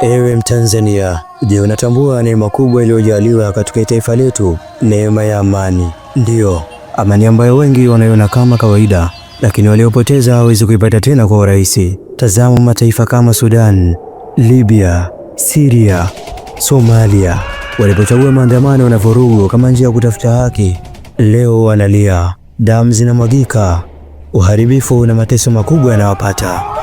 Ewe Mtanzania, je, unatambua neema kubwa iliyojaliwa katika taifa letu? Neema ya amani. Ndiyo, amani ambayo wengi wanaiona kama kawaida, lakini waliopoteza hawezi kuipata tena kwa urahisi. Tazama mataifa kama Sudan, Libya, Siria, Somalia, walipochagua maandamano na vurugu kama njia ya kutafuta haki. Leo wanalia, damu zinamwagika, uharibifu na mateso makubwa yanawapata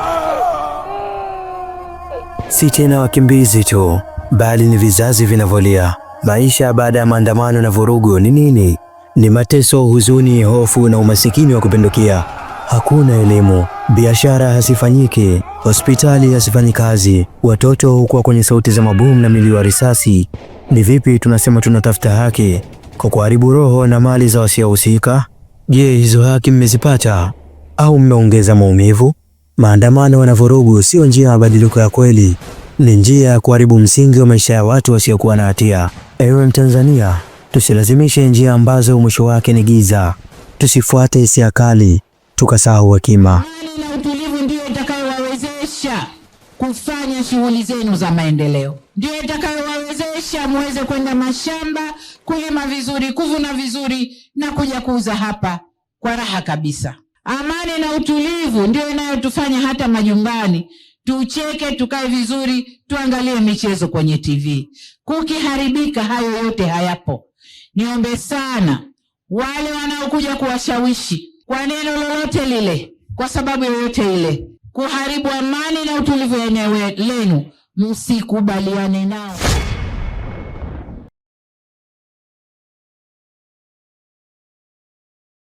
si tena wakimbizi tu, bali ni vizazi vinavyolia. Maisha baada ya maandamano na vurugu ni nini? Ni mateso, huzuni, hofu na umasikini wa kupindukia. Hakuna elimu, biashara hazifanyiki, hospitali hazifanyi kazi, watoto hukuwa kwenye sauti za mabomu na milio ya risasi. Ni vipi tunasema tunatafuta haki kwa kuharibu roho na mali za wasiohusika? Je, hizo haki mmezipata au mmeongeza maumivu? Maandamano na vurugu sio njia ya mabadiliko ya kweli, ni njia ya kuharibu msingi wa maisha ya watu wasiokuwa na hatia. Ewe Mtanzania, tusilazimishe njia ambazo mwisho wake ni giza. Tusifuate hisia kali tukasahau hekima. na utulivu ndio itakayowawezesha kufanya shughuli zenu za maendeleo, ndio itakayowawezesha muweze kwenda mashamba kulima vizuri, kuvuna vizuri na kuja kuuza hapa kwa raha kabisa. Amani na utulivu ndio inayotufanya hata majumbani tucheke, tukae vizuri, tuangalie michezo kwenye TV. Kukiharibika, hayo yote hayapo. Niombe sana wale wanaokuja kuwashawishi kwa neno lolote lile, kwa sababu yoyote ile, kuharibu amani na utulivu eneo lenu, msikubaliane nao.